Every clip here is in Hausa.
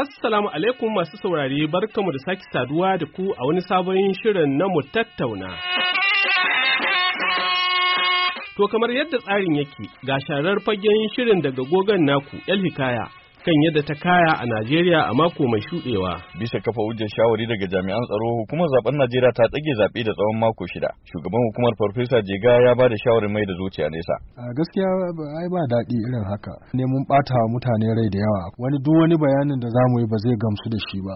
Assalamu alaikum masu saurari barkamu da sake saduwa da ku a wani sabon shirin na mu tattauna. To kamar yadda tsarin yake ga sharar fagen shirin daga gogon naku El Hikaya kan yadda ta kaya a Najeriya a mako mai shuɗewa. Bisa kafa hujjar shawari daga jami'an tsaro hukumar zaben Najeriya ta tsage zaɓe da tsawon mako shida. Shugaban hukumar Farfesa Jega ya ba da shawarin mai da zuciya nesa. A gaskiya ai ba daɗi irin haka. Ne mun ɓata wa mutane rai da yawa. Wani duk wani bayanin da za mu yi ba zai gamsu da shi ba.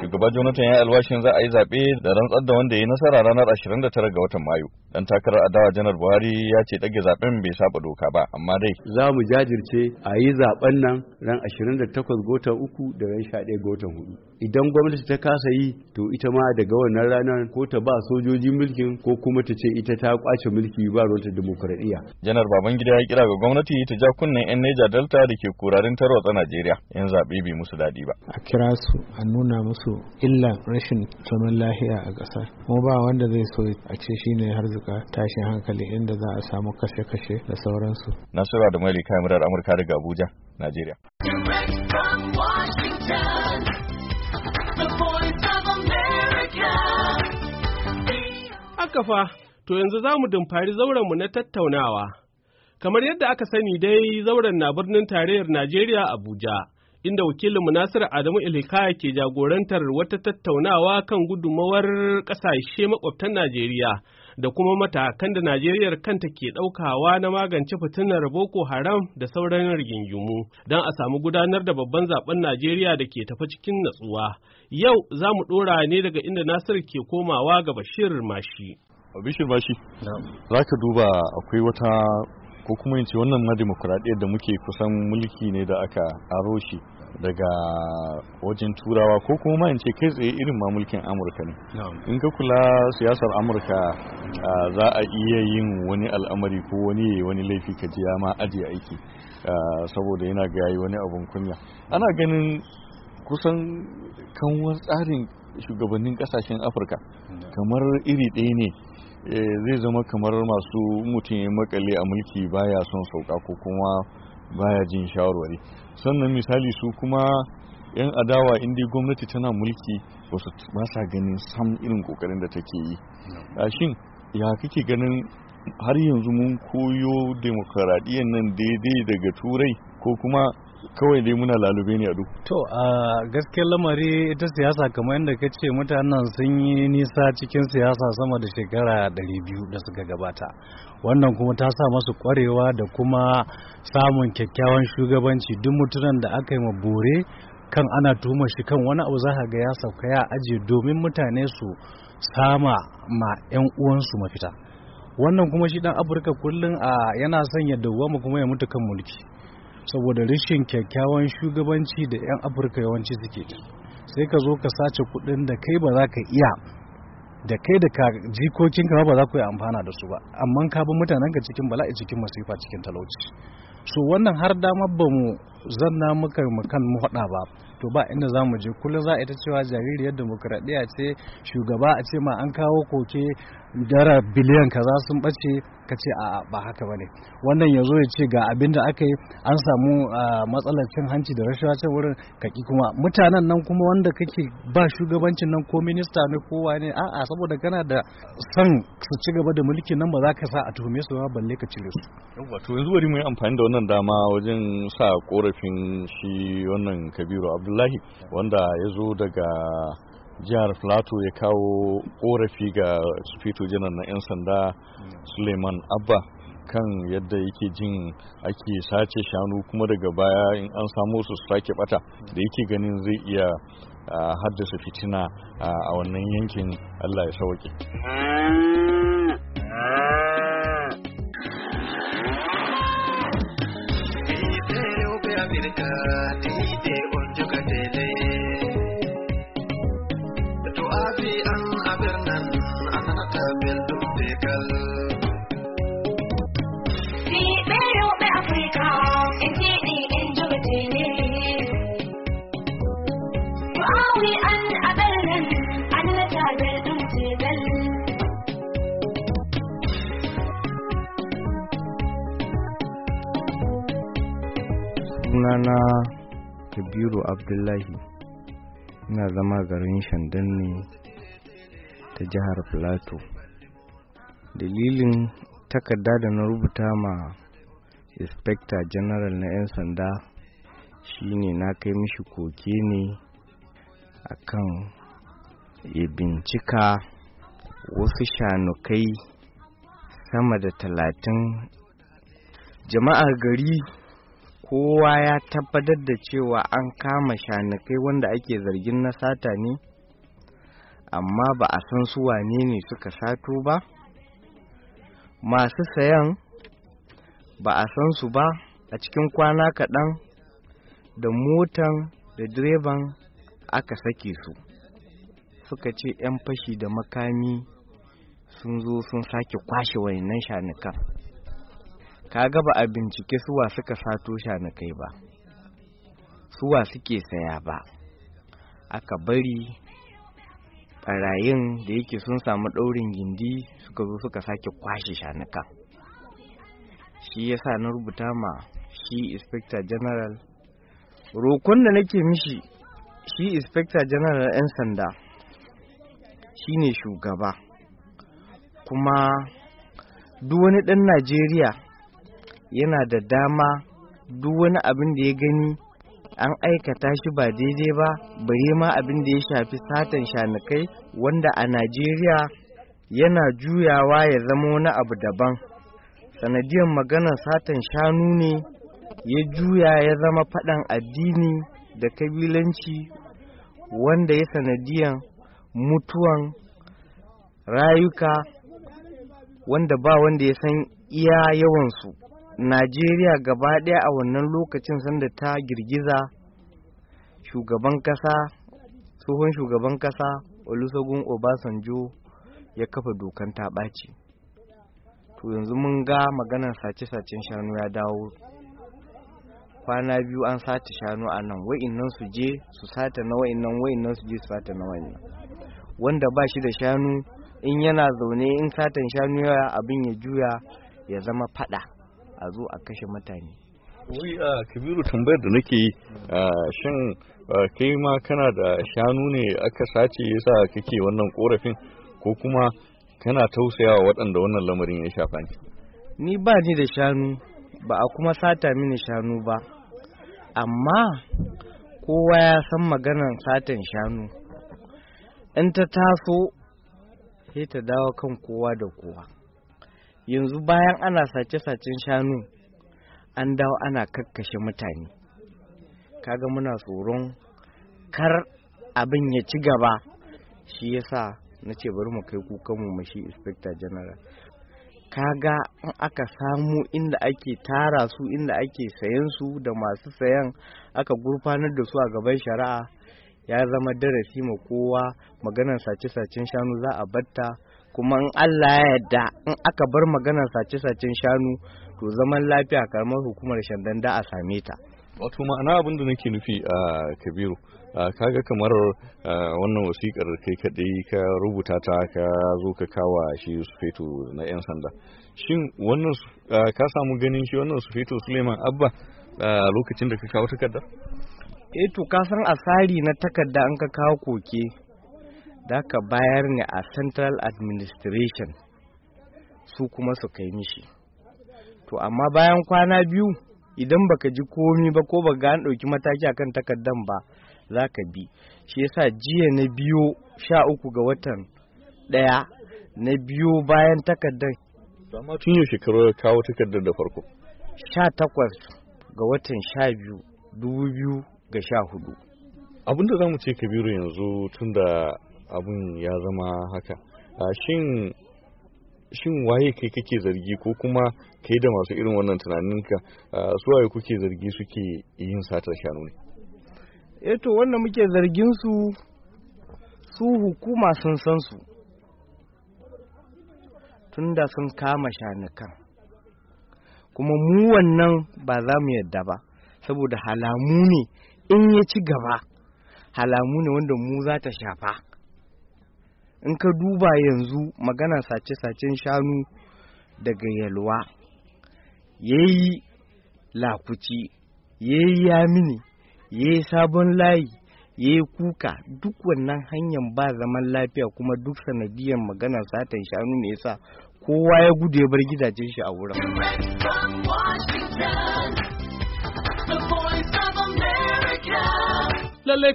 Shugaba Jonathan ya alwashin za a yi zaɓe da rantsar da wanda ya yi nasara ranar 29 ga watan Mayu. Dan takarar adawa Janar Buhari ya ce ɗage zaɓen bai saba doka ba, amma dai. Za mu jajirce a yi zaben nan ran 28 ga watan uku da ran 11 ga watan hudu idan gwamnati ta kasa yi to ita ma daga wannan ranar ko ta ba sojoji mulkin ko kuma ta ce ita ta kwace mulki ba ruwanta demokradiyya janar babangida ya kira ga gwamnati ta ja kunnen yan Niger Delta da ke kurarin tarwatsa Najeriya yan zaɓe bai musu daɗi ba a kira su a nuna musu illa rashin zaman lahiya a ƙasa kuma ba wanda zai so a ce shine harzuka tashin hankali inda za a samu kashe-kashe da sauransu nasura da mai kamarar Amurka daga Abuja Najeriya Direct from Washington. haka fa, to yanzu za mu dumfari zaurenmu na tattaunawa. Kamar yadda aka sani dai zauren na birnin tarayyar Najeriya Abuja, inda wakilinmu Nasiru Adamu Ilhikaya ke jagorantar wata tattaunawa kan gudumawar ƙasashe makwabtan Najeriya da kuma matakan da Najeriya kanta ke ɗaukawa na magance fitinar Boko Haram da sauran rigingimu don a samu gudanar da babban zaben Najeriya da ke tafi cikin natsuwa. Yau za mu ɗora ne daga inda Nasiru ke komawa ga Bashir Mashi. Bishir Bashi. Za ka duba akwai wata ko kuma ce wannan na demokuraɗiyyar da muke kusan mulki ne da aka aro shi daga wajen turawa ko kuma ma in ce kai tsaye irin ma mulkin amurka ne in ka kula siyasar amurka za a iya yin wani al'amari ko wani wani laifi ka ji ma ajiye aiki saboda yana ga yayi wani abun kunya ana ganin kusan kanwar tsarin shugabannin kasashen afirka kamar iri ɗaya ne Eh, zai zama kamar masu mutum ya makale a mulki baya son sauka ko kuma baya jin shawarwari sannan misali su kuma yan adawa inda gwamnati tana mulki wasu ba sa ganin sam irin kokarin da take yi shin ya kake ganin har yanzu mun koyo demokaradiyyar nan daidai daga turai ko kuma kawai dai muna lalube ne a duk. To a gaskiyar lamari ita siyasa kamar yadda ka ce mutanen sun yi nisa cikin siyasa sama da shekara ɗari biyu da suka gabata. Wannan kuma ta sa masu kwarewa da kuma samun kyakkyawan shugabanci duk mutunan da aka yi ma bore kan ana tuma shi kan wani abu za ka ga ya sauka ya aje domin mutane su sama ma 'yan uwansu mafita. Wannan kuma shi ɗan Afirka kullum a yana son ya dawwama kuma ya mutu kan mulki. saboda rashin kyakkyawan shugabanci da 'yan afirka yawanci suke sai ka zo ka sace kuɗin da kai ba za ka iya da kai da jikokinka ba za ku yi amfana da su ba amma ka bi mutanenka cikin bala'i cikin masifa cikin talauci so wannan har damar ba mu zanna muka kan mu hada ba to ba inda za mu je kullum za a ita cewa jaririyar demokradiyya ce shugaba a ce ma an kawo koke dara biliyan kaza sun bace ka ce a ba haka ba ne wannan ya ya ce ga abin da aka yi an samu matsalar cin hanci da rashawa can wurin kaki kuma mutanen nan kuma wanda kake ba shugabancin nan ko minista ne kowa ne a'a saboda kana da son su ci gaba da mulki nan ba za ka sa a tuhume su ba balle ka cire su yanzu wani mai amfani da wannan dama wajen sa korafin shi wannan Kabiru Abdullahi wanda ya zo daga jihar Filato ya kawo korafi ga sufeto janar na 'yan sanda Suleiman Abba kan yadda yake jin ake sace shanu kuma daga baya in an samo su sake bata da yake ganin zai iya haddasa fitina a wannan yankin Allah ya sauke. America. sunana kabiru abdullahi ina zama garin shandan ne ta jihar plateau dalilin takarda da na rubuta ma inspector general na 'yan sanda shine na kai mishi koke ne akan ya bincika wasu shanukai sama da talatin jama'ar gari kowa ya tabbatar da cewa an kama shanakai wanda ake zargin na sata ne amma ba a san su wane ne suka sato ba masu sayan ba a san su ba a cikin kwana kaɗan da motan da direban aka sake su suka ce 'yan fashi da makami sun zo sun sake kwashe wayannan shanukan ka ga ba a bincike suwa suka sato kai ba suwa suke saya ba aka bari ɓarayin da yake sun samu ɗaurin gindi suka zo suka sake kwashe shanuka shi ya sa na rubuta ma shi inspector general rokon da nake mishi shi inspector general 'yan sanda shine shugaba kuma duk wani ɗan najeriya yana da dama duk wani abin da ya gani an aikata shi ba daidai ba bare ma abin da ya shafi satan shanukai wanda a najeriya yana juyawa ya zama wani abu daban sanadiyar maganar satan shanu ne ya juya ya zama faɗan addini da kabilanci wanda ya sanadiyar mutuwan rayuka wanda ba wanda ya san iya yawansu najeriya gaba ɗaya a wannan lokacin sanda ta girgiza shugaban kasa tsohon shugaban ƙasa olusegun obasanjo ya kafa dokan ta ɓaci to yanzu mun ga maganar sace-sacen shanu ya dawo kwana biyu an sace shanu a nan wa'innan su je su sata na wa'innan wa'innan su je su sata na wa'innan wanda ba shi da shanu in yana zaune in satan shanu yawa abin ya juya ya zama fada a zo a kashe mutane wai a kabiru tambayar da nake yi shin kai ma kana da shanu ne aka sace yasa kake wannan korafin ko kuma kana tausayawa waɗanda wannan lamarin ya shafa ni ni ba ni da shanu ba a kuma sata mini shanu ba amma kowa ya san maganan satan shanu in ta taso sai ta dawo kan kowa da kowa yanzu bayan ana sace-sacen shanu an dawo ana kakkashe mutane kaga muna tsoron kar abin ya ci gaba shi yasa na ce bari mu kai kukanmu mashi inspector general kaga in aka samu inda ake tara su inda ake sayan su da masu sayan aka gurfanar da su a gaban shari'a ya zama darasi ma kowa maganar sace-sacen shanu za a batta kuma in Allah ya yarda in aka bar maganar sace-sacen shanu to zaman lafiya karamar hukumar shandan da a same ta wato ma'ana abin da nake nufi a kabiru kaga kamar wannan wasikar kai kadai ka rubuta ta ka zo ka kawa shi sufeto na 'yan sanda shin wannan ka samu ganin shi wannan sufeto suleiman abba a lokacin da ka kawo takardar? eh to ka san asari na takarda an ka kawo koke da ka bayar ne a central administration su kuma su kai mishi to amma bayan kwana biyu idan baka ji komi ba ko baka an ɗauki mataki akan takardan ba za ka bi shi yasa jiya na biyo sha uku ga watan ɗaya na biyo bayan takardan amma tun yau shekaru ya kawo takardar da farko sha takwas ga watan sha biyu dubu biyu ga sha hudu abinda za mu ce kabiru yanzu tun da abun ya zama haka shin shin waye kai kake zargi ko kuma kai da masu irin wannan tunaninka su waye kuke zargi suke yin satar shanu ne eto eh wanda muke zargin su su hukuma sun san su tunda sun kama shanukan kuma mu wannan ba za mu yadda ba saboda halamu ne in ya ci gaba halamu ne wanda mu za ta shafa in ka duba yanzu magana sace-sacen shanu daga yalwa ya yi lakuci ya yi yamini ya yi sabon layi ya yi kuka duk wannan hanyar ba zaman lafiya kuma duk sanadiyar magana satan shanu ne yasa kowa ya gudu ya bar gidajen shi a wurin lallai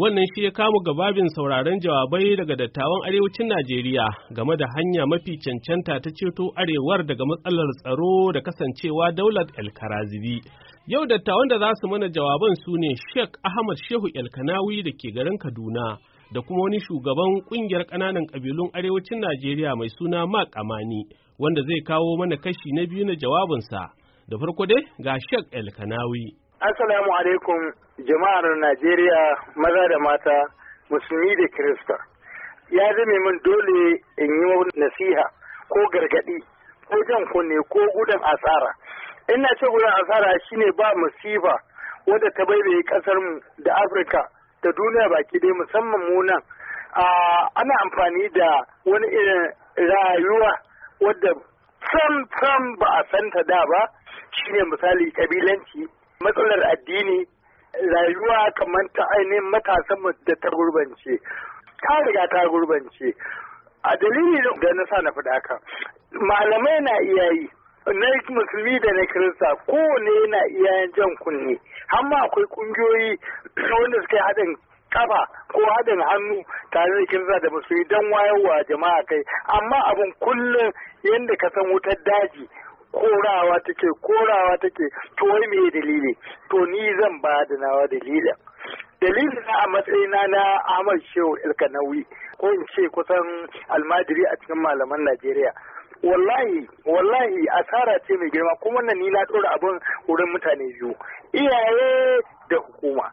Wannan shi ya kamu gababin sauraron jawabai daga dattawan arewacin Najeriya game da hanya mafi cancanta ta ceto arewar daga matsalar tsaro da kasancewa daular El-Karazibi. Yau dattawan da za su mana jawaban su ne Sheikh Ahmad Shehu Elkanawi da ke garin Kaduna da kuma wani shugaban kungiyar ƙananan ƙabilun arewacin Najeriya mai suna Mark Amani wanda zai kawo mana kashi na biyu na jawabinsa. Da farko dai ga Sheikh Elkanawi. Asalamu alaikum jama'ar Najeriya maza da mata musulmi da Kirista. Ya zame min dole in yi nasiha ko gargaɗi ko jan kunne ko gudan asara. Ina ce gudan asara shine ba masifa wadda ta bai baibaye mu da Afirka da duniya baki dai musamman mu nan. Ana amfani da wani irin rayuwa wadda sam sam ba a santa da ba shine misali kabilanci matsalar addini rayuwa kamar ta ainihin matasan da ta gurbance ta riga ta gurbance a dalili da na sa na fada haka malamai na iya yi na musulmi da na kirista kowane yana iya jan kunne amma akwai kungiyoyi wanda suka yi haɗin kafa ko haɗin hannu tare da kirista da musulmi don wayarwa jama'a kai amma abin kullum yadda ka san wutar daji korawa take korawa take to wai me dalili to ni zan ba da nawa dalilin dalilin a matsayina na Ahmad Shehu Elkanawi ko in ce kusan almajiri a cikin malaman Najeriya wallahi wallahi asara ce mai girma kuma na ni na ɗora abin wurin mutane biyu iyaye da hukuma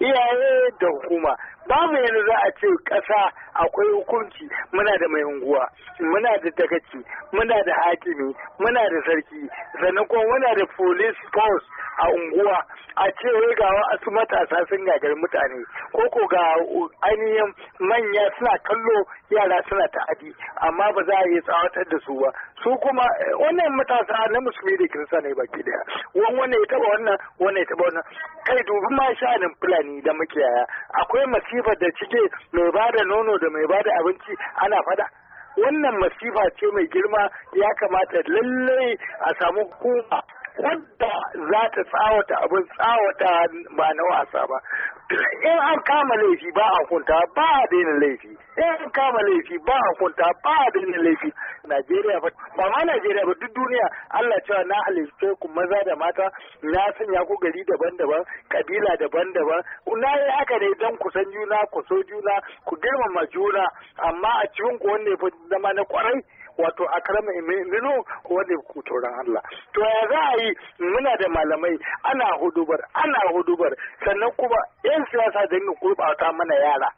iyaye da hukuma babu yanzu za a ce ƙasa akwai hukunci muna da mai unguwa muna da dagaci muna da hakimi muna da sarki sannan kuma muna da police force a unguwa a ce wai ga wasu matasa sun gagar mutane ko ko ga ainihin manya suna kallo yara suna ta'adi amma ba za a yi tsawatar da su ba su kuma wannan matasa na musulmi da kirista ne baki daya wani wannan ya taba wannan wannan ya taba wannan kai dubi ma nan fulani da makiyaya akwai masu masifar da cike mai ba da nono da mai ba da abinci ana fada wannan masifa ce mai girma ya kamata lallai a samu hukuma wadda za ta tsawata abin tsawata ba na wasa ba in an kama laifi ba a kunta ba a daina laifi in an kama laifi ba a kunta ba a daina laifi Najeriya ba ba ma Najeriya ba duk duniya Allah cewa na halitta ku maza da mata na sanya ku gari daban-daban kabila daban-daban na yi haka ne don ku san juna ku so juna ku girmama juna amma a cikin ku wanne zama na kwarai wato akrama minu wanda ku tauran Allah to ya za a yi muna da malamai ana hudubar ana hudubar sannan kuma yan siyasa da yin gurbata mana yara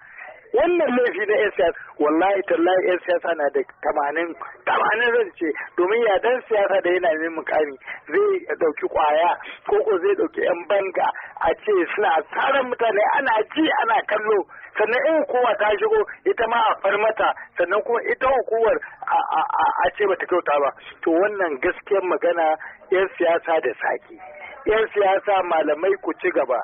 wannan laifi na yan siyasa wallahi tallahi yan siyasa na da tamanin tamanin zan ce domin ya dan siyasa da yana neman mukami zai dauki kwaya ko ko zai dauki yan banga a ce suna tsaron mutane ana ji ana kallo sannan in hukuma ta shigo ita ma a far mata sannan kuma ita hukumar a ce bata kyauta ba to wannan gaskiyar magana yan siyasa da saki yan siyasa malamai ku ci gaba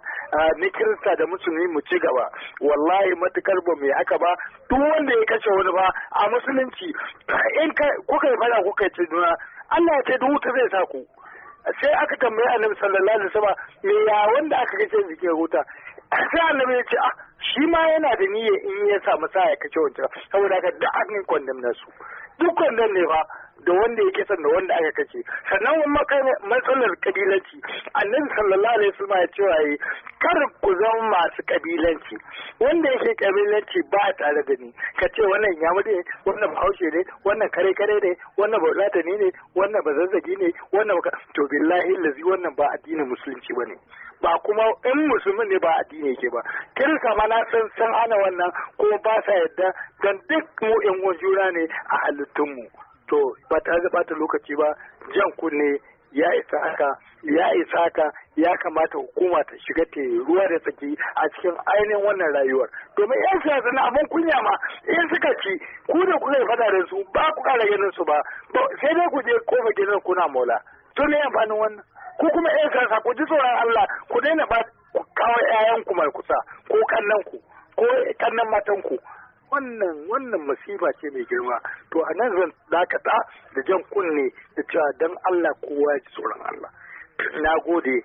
ni kirista da musulmi mu ci gaba wallahi matukar ba mai haka ba duk wanda ya kashe wani ba a musulunci in kuka yi fada kuka yi juna Allah ya ce duk wuta zai sa ku sai aka tambayi annabi sallallahu alaihi wasallam me ya wanda aka kace jike huta sai annabi ya ce ah shi ma yana da niyya in ya samu sa ya kace wancan saboda haka da an kwandam nasu. duk wannan ne ba da wanda ya kisan da wanda aka kace sannan matsalar kabilanci annabi sallallahu alaihi wasallam ya ce waye kar ku zama masu kabilanci wanda yake kabilanci ba tare da ni ka ce wannan yamuri ne wannan bahaushe ne wannan kare kare ne wannan ba ne wannan bazazzagi ne wannan to billahi lazi wannan ba addinin musulunci bane ba kuma in musulmi ne ba addini ke ba Kirista ma na san san ana wannan ko ba sa yadda dan duk mu yan uwan juna ne a halittunmu to ba ta zaba ta lokaci ba jan kunne ya isa aka ya isa ya kamata hukuma ta shiga ta ruwa da tsaki a cikin ainihin wannan rayuwar domin yan siyasa na abin kunya ma in suka ci ku da kuka yi fada da su ba ku kara ganin su ba sai dai ku je kofa gidan kuna mola to ne amfanin wannan Ku kuma ƴan kansa ku ji tsoron Allah ku daina ba ku kawo ƴaƴanku mai kusa ko kannan ku ko kannan matan ku wannan wannan masifa ce mai girma to a nan zan dakata da jan kunne da cewa dan Allah kowa ji tsoron Allah na gode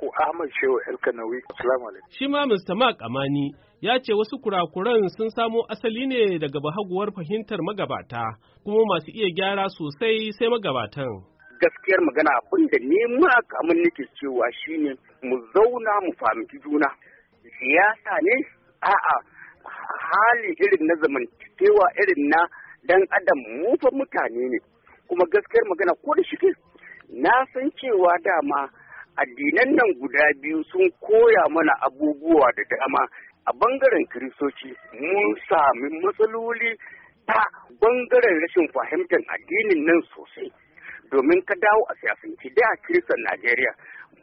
ku Ahmad Shehu Elkanawi assalamu alaikum shi ma Mr Mark Amani ya ce wasu kurakuran sun samo asali ne daga bahaguwar fahimtar magabata kuma masu iya gyara sosai sai magabatan gaskiyar magana abin da nema kamar nake cewa shine mu zauna mu fahimci juna siyasa ne a'a hali irin na zamantakewa irin na dan adam mu fa mutane ne kuma gaskiyar magana ko da shike na san cewa dama addinan nan guda biyu sun koya mana abubuwa da dama a bangaren kiristoci mun sami matsaloli ta bangaren rashin fahimtar addinin nan sosai domin ka dawo a siyasanci da kiristan najeriya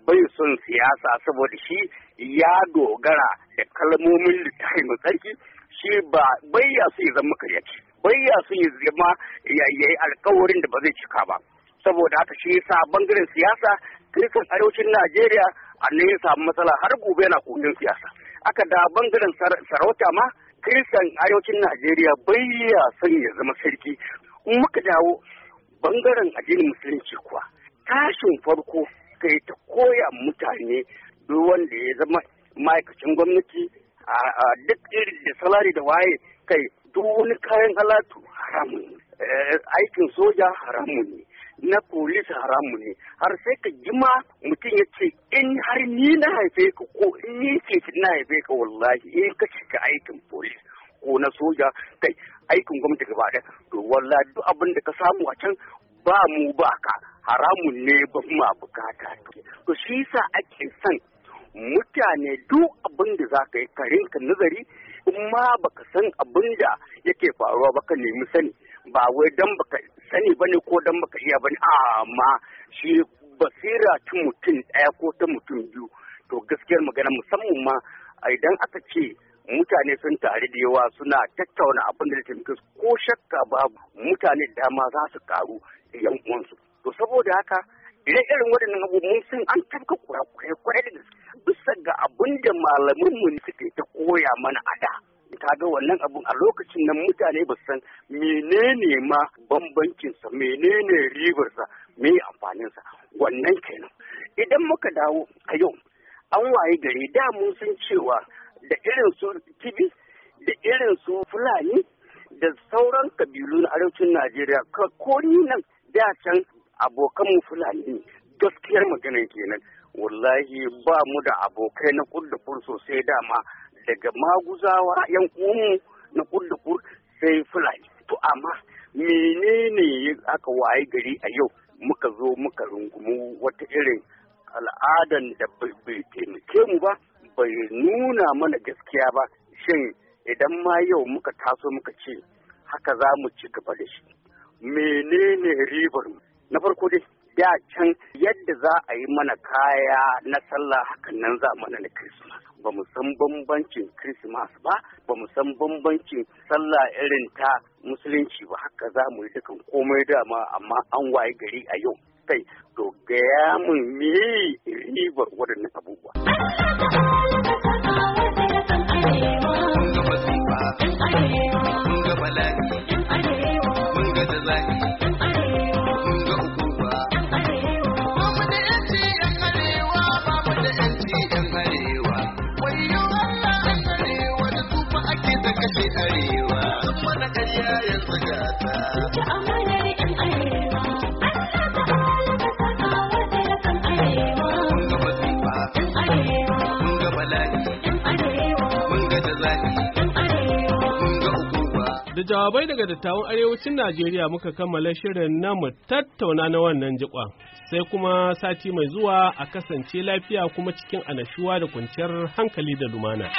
bai son siyasa saboda shi ya dogara da kalmomin littafi mai tsarki shi ba bai ya son ya zama bai ya son ya zama ya yi alkawarin da ba zai cika ba saboda haka shi yasa bangaren siyasa kiristan arewacin najeriya a ne ya samu matsala har gobe yana kogin siyasa aka da bangaren sarauta ma kiristan arewacin najeriya bai ya son ya zama sarki in muka dawo bangaren addinin musulunci kuwa tashin farko kai ta koya mutane duk wanda ya zama ma'aikacin gwamnati a duk irin da salari da waye kai duk wani kayan halatu haramun ne eh, aikin soja haramun ne na polis haramun ne har sai ka jima mutum ya ce in har ni na haife ka ko in ni ce na haife ka wallahi in ka shiga aikin polis ko na soja kai aikin gwamnati gaba ɗaya to walla duk abin da ka samu a can ba mu ba ka haramun ne ba ma bukata to shi yasa ake san mutane duk abin da za ka yi ka nazari in ma baka san abin da yake faruwa ba ka nemi sani ba wai dan baka sani ba ne ko dan baka iya ne amma shi basira ta mutum ɗaya ko ta mutum biyu to gaskiyar magana musamman ma idan aka ce mutane sun tare da yawa suna tattauna abin da taimake su ko shakka babu mutane dama za su karu da yan to saboda haka ire irin waɗannan abubuwan sun an tafka kurakurai kwarai da gaske bisa ga abin da ne suke ta koya mana a da ga wannan abun a lokacin nan mutane ba san menene ma bambancinsa menene ribarsa me amfaninsa wannan kenan idan muka dawo a yau an waye gari da mun san cewa da irin su tibi da irin su fulani da sauran kabilu na arewacin najeriya ko ni nan da can abokanmu fulani gaskiyar magana kenan wallahi ba mu da abokai na kurdukur sosai dama daga maguzawa yan uwanmu na kurdukur sai fulani to amma menene aka waye gari a yau muka zo muka rungumu wata irin al'adan da bai taimake mu ba bai nuna mana gaskiya ba shin idan ma yau muka taso muka ce haka za mu ci gaba da shi menene ribar na farko dai da can yadda za a yi mana kaya na sallah hakan nan za mana na kirismas ba mu san bambancin kirismas ba ba mu san bambancin sallah irin ta musulunci ba haka za mu yi dukan komai dama amma an waye gari a yau kai to gaya mun me ribar waɗannan abubuwa Mun da yanci yan arewa. ake arewa. yanzu gata. jawabai daga dattawan arewacin Najeriya muka kammala shirin namu tattauna na wannan jikwa sai kuma sati mai zuwa a kasance lafiya kuma cikin anashuwa da kwanciyar hankali da lumana.